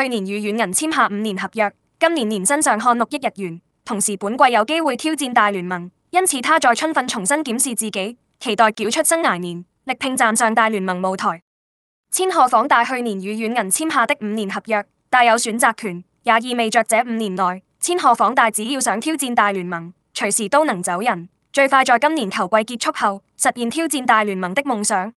去年與軟銀簽下五年合約，今年年薪上看六億日元，同時本季有機會挑戰大聯盟，因此他在春訓重新檢視自己，期待繳出生涯年，力拼站上大聯盟舞台。千賀滉大去年與軟銀簽下的五年合約，帶有選擇權，也意味着這五年內千賀滉大只要想挑戰大聯盟，隨時都能走人，最快在今年球季結束後實現挑戰大聯盟的夢想。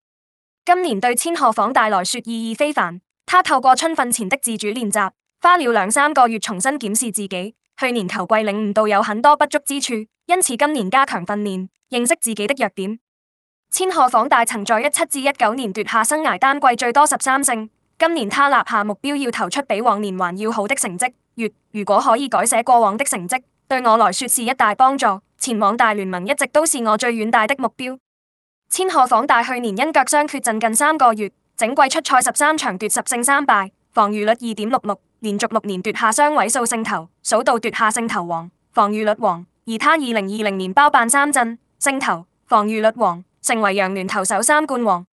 今年對千賀滉大來說意義非凡。他透過春訓前的自主練習，花了兩三個月重新檢視自己。去年球季領悟到有很多不足之處，因此今年加強訓練，認識自己的弱點。千賀滉大曾在一七至一九年奪下生涯單季最多十三勝，今年他立下目標要投出比往年還要好的成績。如如果可以改寫過往的成績，對我來說是一大幫助。前往大聯盟一直都是我最遠大的目標。千賀滉大去年因腳傷缺陣近三個月。整季出賽十三場，奪十勝三敗，防禦率二點六六，連續六年奪下雙位數勝投，數度奪下勝投王、防禦率王，而他二零二零年包辦三振、勝投、防禦率王，成為洋聯投手三冠王。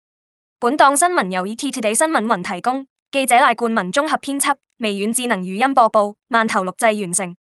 本檔新聞由 ET Today 新聞雲提供，記者賴冠文綜合編輯，微軟智能語音播報，慢頭錄製完成。